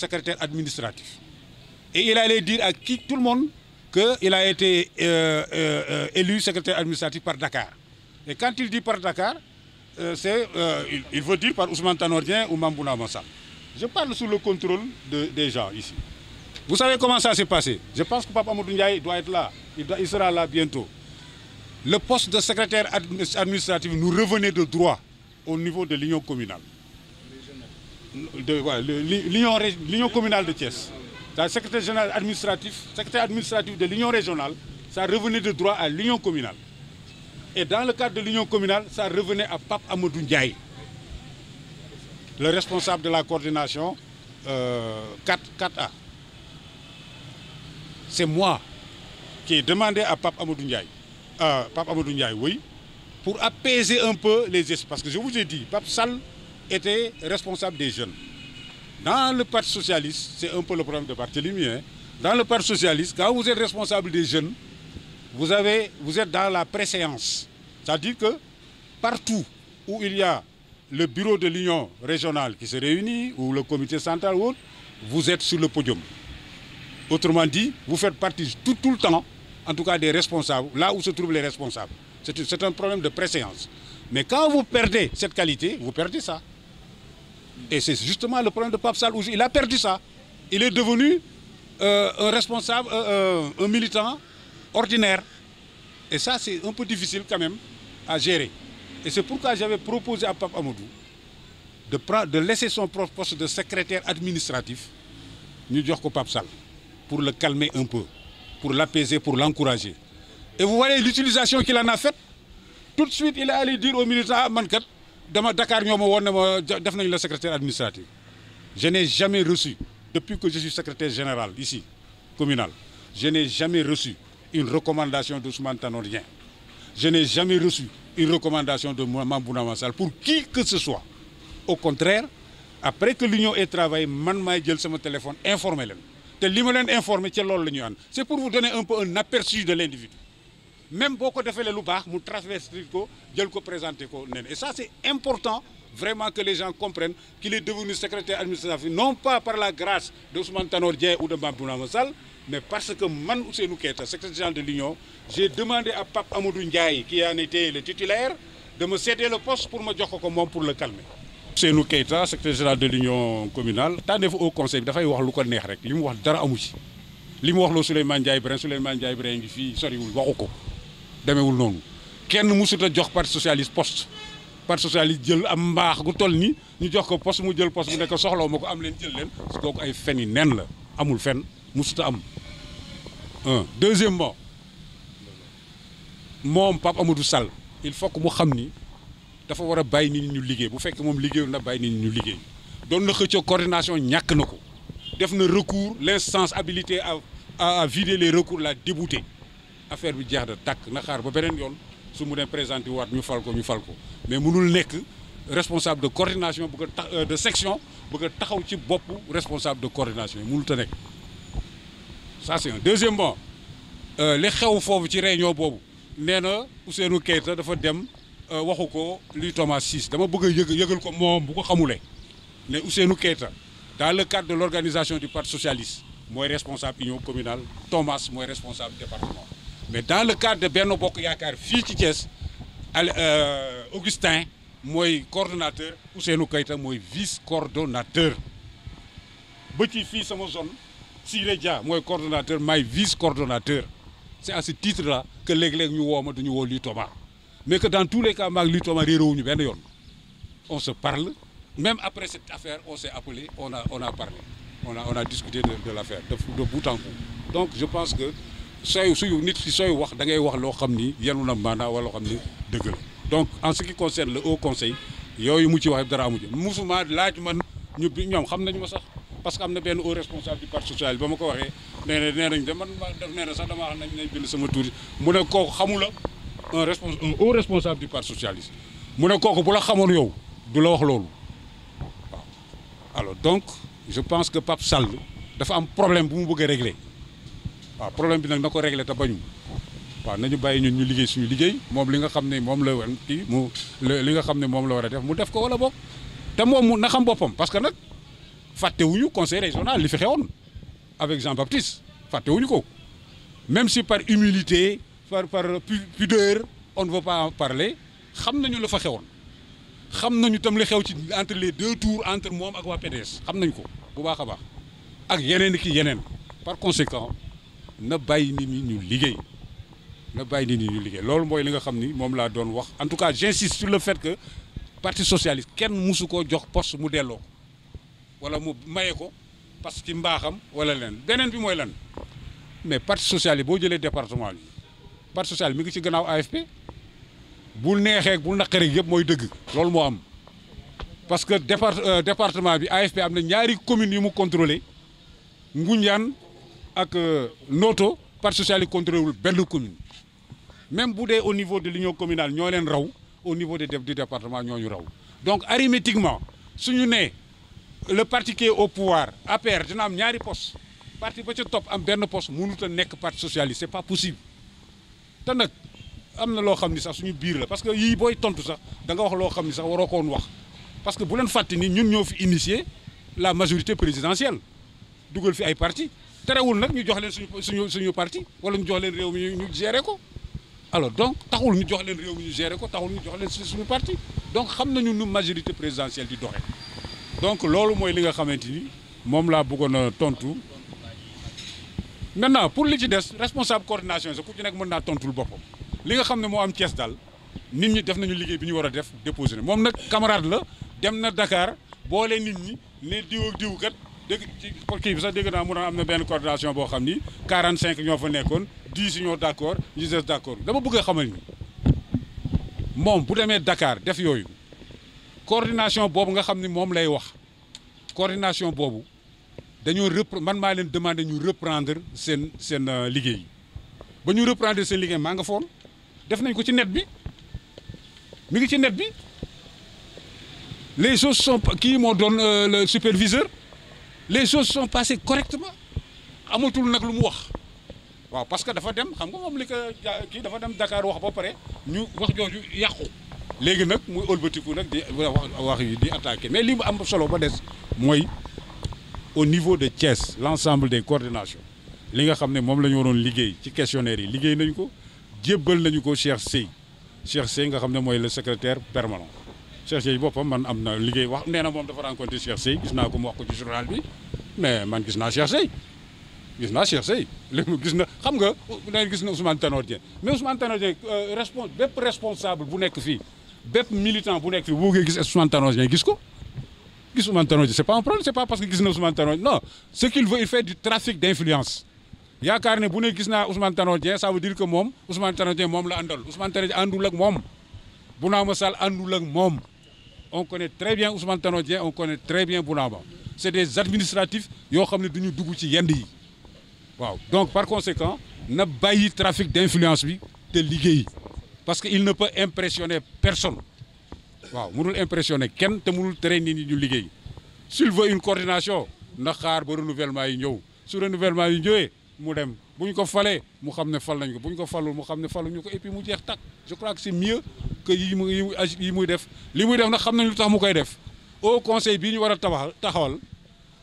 secrétaire administratif. Et il allait dire à qui tout le monde qu'il a été euh, euh, euh, élu secrétaire administratif par Dakar. Et quand il dit par Dakar, euh, c'est, il, veut dire par Ousmane Tanordien ou Mambouna Massa. Je parle sous le contrôle de, des gens ici. Vous savez comment ça s'est passé Je pense que Papa Moudou Ndiaye doit être là. il sera là bientôt. Le poste de secrétaire administratif nous revenait de droit au niveau de l'union communale. de voilà l'union l'union communale de Thiès sa secrétaire général administratif secrétaire administratif de l'union régionale ça revenait de droit à l'union communale et dans le cadre de l'union communale ça revenait à Pape Amadou Ndiaye le responsable de la coordination euh, quatre 4A c'est moi qui ai demandé à Pape Amadou Ndiaye euh, Pape Amadou Ndiaye oui pour apaiser un peu les esprits parce que je vous ai dit Pape Sall était responsable des jeunes. Dans le Parti socialiste, c'est un peu le problème de Barthélemy, hein, dans le Parti socialiste, quand vous êtes responsable des jeunes, vous, êtes dans la préséance. C'est-à-dire que partout où il y a le bureau de l'union régionale qui se réunit, ou le comité central ou autre, vous êtes sur le podium. Autrement dit, vous faites partie tout, le temps, en tout cas des responsables, là où se trouvent les responsables. C'est un problème de préséance. Mais quand vous perdez cette qualité, vous perdez ça. Et c'est justement le problème de Pape Sall il a perdu ça. Il est devenu euh, un responsable, euh, euh, un militant ordinaire. Et ça, c'est un peu difficile quand même à gérer. Et c'est pourquoi j'avais proposé à Pape Amadou de, de laisser son propre poste de secrétaire administratif, New York au Pape Sall, pour le calmer un peu, pour l'apaiser, pour l'encourager. Et vous voyez l'utilisation qu'il en a faite. Tout de suite, il est allé dire aux militants, Mankat, dema dakaar ñoo ma woon ne ma def nañu la secrétaire administratif je n'ai jamais reçu depuis que je suis secrétaire général ici communal je n'ai jamais reçu une recommandation d'Ousmane Tanor Dieng je n'ai jamais reçu une recommandation de Mame Bouna Massal pour qui que ce soit au contraire après que l'union ait travaillé man maay jël sama téléphone informé leen te li ma leen informé ca lool la ñuy ànd c'est pour vous donner un peu un aperçu de l'individu même boo ko defalee lu baax mu traversé ko jël ko présenté ko nen et ça c'est important vraiment que les gens comprennent qu'il est devenu secrétaire administratif non pas par la grâce d'Ousmane Tanor Dieng ou de Mamouna Sall mais parce que man u Keita secrétaire général de l'Union j'ai demandé à Pape Amadou Ndiaye qui en était le titulaire de me céder le pour ma jox ko ko moom pour le calmer Ousseynou Keita secrétaire général de l'Union communale tànneefu dafay wax lu ko neex rek li mu wax dara amu ci mu wax loo Souleymane Ndiaye Brin Souleymane Ndiaye Brin ngi fii ko demewul noonu kenn musut a jox parti socialiste poste parti socialiste jël am mbaax gu toll nii ñu jox ko poste mu jël poste bu nekk soxlaw ma ko am leen jël leen su kooku ay fen yi nen la amul fen musut a am un deuxièmement moom Pape Amadou Sall il faut que mu xam ni dafa war a bàyyi nit ñi ñu liggéey bu fekkee moom liggéeyul na bàyyi nit ñu liggéey doon na xëccoo coordination ñàkk na ko def na recours l'instance habilitée à a vider les recours la débouté affaire bi jeex na tàkk na xaar ba beneen yoon su mu ne présenté waat ñu fal ko ñu fal ko mais mënul nekk responsable de coordination bëgg tax euh, de section bëgg a taxaw ci bopp responsable de coordination yi mënut a nekk ça c'est un deuxièmement euh, li xew foofu ci réunion boobu nee na Ousseynou Keita dafa dem euh, waxu ko li Thomas Ciss dama bëgg a yëg yëgal ko moom bu ko xamulee ne Ousseynou Keita dans le cadre de l'organisation du parti socialiste mooy responsable union communale Thomas mooy responsable département mais dans le cadre de benn Bokk Yaakaar fii ci Thiès al euh, Augustin mooy coordonnateur Ousseynou Kayta mooy vice coordonnateur ba ci fii sama zone Siré Dia mooy coordonateur maay vice coordonnateur c'est à ce titre là que léeg-léeg ñu woo ma duñu woo Ly Thomas mais que dans tous les cas maag Ly Thomas réeroowuñu benn yoon on se parle même après cette affaire on s'est appelé on a on a parlé on a on a discuté de de l'affaire de de donc je pense que sooy suyu nit si sooy wax da ngay wax loo xam ni yenu na maanaa wala loo xam ni dëgg la donc en ce qui concerne le haut conseil yooyu mu ci wax dara amu ci musuma laaj man ñu bi ñoom xam nañu ma sax parce que am na benn haut responsable du parti social ba ma ko waxee nee na nee nañ de man def nee na sax damaa xam nañ nañ bind sama tur mu ne kooku xamula un respons un haut responsable du parti socialiste mu ne kooku bu la xamoon yow du la wax loolu waaw alors donc je pense que Pape Sall dafa am problème bu mu bëgg a régler waaw problème bi nag na ko réglé te bañu waaw nañu bàyyi ñun ñu liggéey suñu liggéey moom li nga xam ne moom la war kii mu li nga xam ne moom la war a def mu def ko wala boog te moom mu na xam boppam parce que nag fàttewuñu conseil régional li fi xewoon avec Jean Baptiste fàttewuñu ko même si par humilité par par pudeur on ne veut pas en parler xam nañu la fa xewoon xam nañu tam li xew ci entre les deux tours entre moom ak waa PDS xam nañu ko bu baax a baax ak yeneen ki yeneen par conséquent na bàyyi nit ñi ñu liggéey na bàyyi nit ñi ñu liggéey loolu mooy li nga xam ni moom laa doon wax en tout cas j'insiste sur le fait que parti socialiste kenn musu koo jox poste mu delloo ko wala mu maye ko parce que ci mbaaxam wala leen beneen bi mooy lan mais parti yi boo jëlee département bi parti socialiste mi ngi ci gannaaw AFP bu neexee bu naqaree yëpp mooy dëgg loolu moo am parce que départ euh, département bi AFP am na ñaari communes yu mu contrôlé Ngoundiane ak euh, Noto parti socialiste contrôlé wul benn commune même bu dee au niveau de l'union communal ñoo leen raw au niveau des du département ñoo ñu raw donc arimétiquement su ñu nee le parti qui est au pouvoir APR dina am ñaari poste parti ba ca topp am benn poste mënut a nekk parti socialiste c'est pas possible te nag am na loo xam ni sax suñu biir la parce que yii booy tontu sax da nga wax loo xam ni sax waroo ko woon wax parce que bu leen fàtte ni ñun ñoo fi initier la majorité présidentielle. dugal fi ay parti terewul nag ñu jox leen suñu suñu suñu parti wala ñu jox leen réew mi ñu jeere ko alors donc taxul ñu jox leen réew mi ñu gérer ko taxul ñu jox leen suñu parti donc xam nañu nu majorité présidentielle di doxe donc loolu mooy li nga xamante ni moom laa buggoon a tontu maintenant pour li ci des responsable coordination sax ku ci nekk mën naa tontul boppam li nga xam ne moo am Thiès daal nit ñi def nañu liggéey bi ñu war a def déposé moom nag camarade la dem na Dakar boole nit ñi ne diw ak kat. dégg ci kii bi sax dégg naa mu naan am na benn coordination boo xam ni cinq ñoo fa nekkoon 10 ñoo d' accord ñu des d' accord dama bëgg a xamal ni moom bu demee Dakar def yooyu coordination boobu nga xam ni moom lay wax coordination boobu dañoo repre man maa leen demandé ñu reprendre seen seen euh, liggéey ba ñu reprendre seen liggéey maa nga foon def nañ ko ci net bi mu ngi ci net bi les choses sont kii moo doon euh, le superviseur. les choses sont passées correctement amatul nag lu mu wax waaw parce que dafa dem xam nga moom li ko kii dafa dem dakaar wax ba pare ñu wax jooju yàqu léegi nag muy ëlbatiku nag di wax wax yi di attaqué mais li mu am solo ba des mooy au niveau de Thiès l'ensemble des coordinations li nga xam ne moom la ñu waroon liggéey ci questionnaire yi liggéey nañu ko jébbal nañu ko Cheikh Sey Cheikh Sey nga xam ne mooy le secrétaire permanent Cheikh Seye boppam man am na liggéey wax nee na moom dafa rencontré Cheikh gis naa ko mu wax ko ci bi mais man gis naa Cheikh gis naa Cheikh Seye gis na xam nga nee gis na Ousmane Tanor Dieng mais Ousmane Tanor Dieng euh, bu nekk fii bépp militant bu nekk fii boo gis Ousmane Tanor Dieng gis ko gis Ousmane Tanor Dieng c'est pas un problème c'est pas parce que gis na Ousmane Tanor non ce qu'il veut il du trafic d'influence yaakaar ne bu ne gis naa Ousmane Tanor Dieng ça veut dire que moom Ousmane Tanor Dieng moom la àndal Ousmane Tanor Dieng àndul ak moom on connaît très bien Ousmane Tanor Dieng on connaît très bien Bounaba c'est des administratifs yoo xam ne du ñu dugg ci yenn yi waaw donc par conséquent na bàyyi trafic d'influence bi te liggéey parce que il na peut impressionner personne waaw mënul impressionner kenn te mënul tere nit ñu liggéey sul veut une coordination na xaar ba renouvellement yi ñëw su renouvellement yi ñëwee mu dem bu ñu ko falee mu xam ne fal nañ ko bu ñu ko falul mu xam ne falul ñu ko et mu jeex tak je crois que c'est mieux que yi mu yi muy def li muy def nag xam nañu lu tax mu koy def au conseil bii ñu war a tabaxal taxawal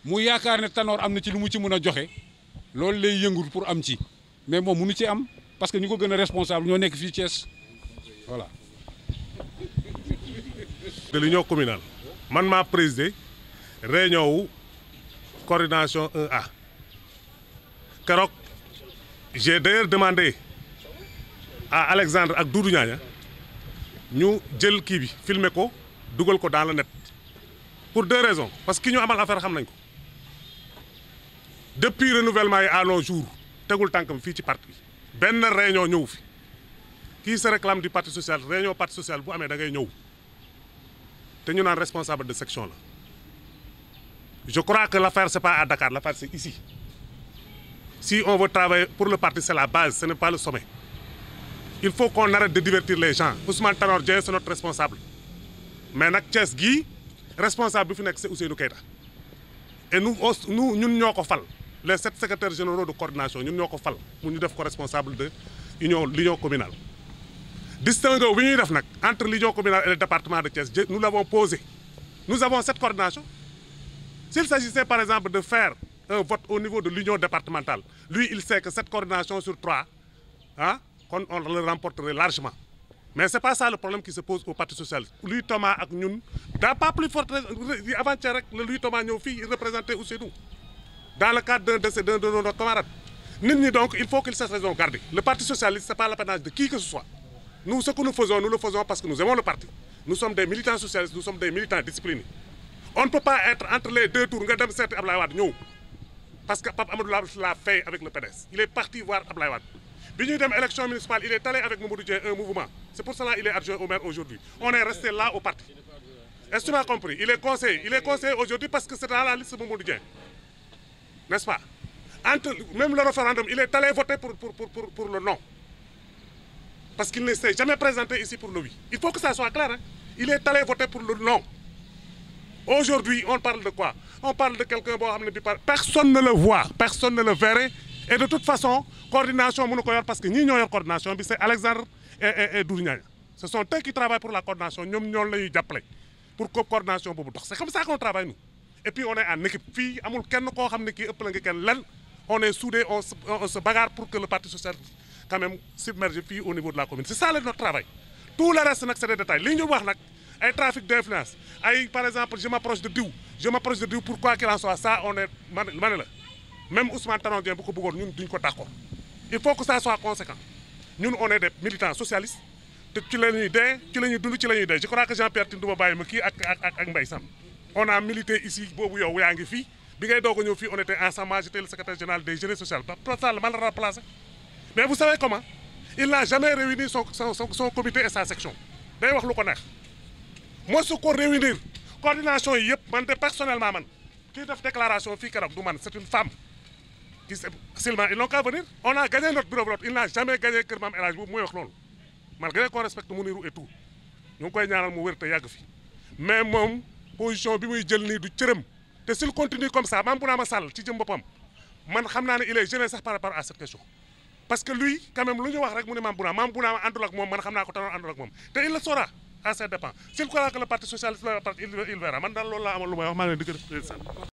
mu yaakaar ne Tanor am na ci lu mu ci mën a joxe loolu lay yëngut pour am ci mais moom mënu ci am parce que ñu ko gën a responsable ñoo nekk fii Thiès voilà. de l'union communal man maa présider réunion wu coordination 1A. keroog j'ai d'ailleurs demande à Alexandre ak Doudou Niania ñu jël kii bi filmer ko dugal ko dans le net pour deux raisons parce que ki ñu amal affaire xam nañ ko depuis renouvellement yi à long jour tegul tànkam fii ci parti bi benn réunion ñëw fi kii se réclame du parti sociale réunion parti social bu amee da ngay ñëw te ñu naan responsable de section la je crois que l'affaire c'est pas à Dakar l'affaire c'est ici Si on veut travailler pour le parti, c'est la base, ce n'est pas le sommet. Il faut qu'on arrête de divertir les gens. Ousmane Tanor Dieng c'est notre responsable. Mais nag Thiès gii responsable bi fi nekk c'est Ousseynou Keita. Et nous nous ñun ñoo ko fal les sept secrétaires généraux de cordination ñun ñoo ko fal mu ñu def ko responsable de union l'union communale. distinguo bi ñuy def nag entre l'union communale et le département de Thiès nous l'avons posé nous avons cette coordination s'il par exemple de faire un vote au niveau de l'union départementale lui il sait que cette coordination sur trois ah kon on le remporterait largement mais c'est pas ça le problème qui se pose au parti socialiste lui Thomas ak ñun daa pas plus forte avant-hier rek la lui Thomas ñëw fii représenté Ousseynou dans le cadre d'un décès d'un de nos camarades donc il faut qu'il cesse raison garder le parti socialiste c'est pas l'apanage de qui que ce soit nous ce que parce que Pape Amadou l'a fait avec le PDS. Il est parti voir Ablaye Wade. Quand élection municipale, il est allé avec Mamoudou Dieng un mouvement. C'est pour cela qu'il est adjoint au maire aujourd'hui. On est resté là au parti. Est-ce compris Il est conseiller. aujourd'hui parce que c'est dans la liste de Mamoudou Dieng. N'est-ce pas Entre, Même le référendum, il est allé voter pour, pour, pour, pour, pour le non. Parce qu'il ne jamais présenté ici pour l oui. Il faut que ça Aujourd'hui, on parle de quoi On parle de quelqu'un personne ne le voit, personne ne le verrait. Et de toute façon, coordination, parce que nous avons coordination, c'est Alexandre et, et, et Ce sont eux qui travaillent pour la coordination, nous les appelés pour que la coordination C'est comme ça qu'on travaille, nous. Et puis on est en équipe. Fille, on est soudés, on se, on se bagarre pour que le Parti social quand même submerge au niveau le reste, ay trafic d'influence ay par exemple je m'approche de diw je m'approche de diw pour quoi qu'il en soit ça on la même Ousmane Tanor Dieng ko bëggoon ñun duñ ko d'accord il faut que ça soit conséquent ñun on est des militants te ci la ñuy dee ci la ñuy dund ci la ñuy dee je Jean-Pierre Tine du ma ma kii ak ak Sam on a milité ici boobu yow yaa ngi fii bi ngay doog ñëw fii on était ensemble j'étais le secrétaire général des jeunes sociales total mal remplacé mais vous savez comment il n'a jamais réuni son son wax lu ko neex mosu ko réunir coordination yi yëpp man de personnellement man kii def déclaration fii keroog du man c'est une femme qui seulement ils n'ont venir on a gagné notre bureau de il n'a jamais gagné kër maam El Hadj boobu mooy wax loolu malgré qu'on respecte Mounirou et tout ñu ngi koy ñaanal mu wér te yàgg fi mais moom position bi muy jël nii du cërëm te s'il continue comme ça maam bu naa ma sàll ci jëm boppam man xam naa ne il est gêné sax par rapport à cette parce que lui quand lu à ses dépens s'il croit que parti socialiste le parti il verra lu may wax maa ngi leen di gërëm di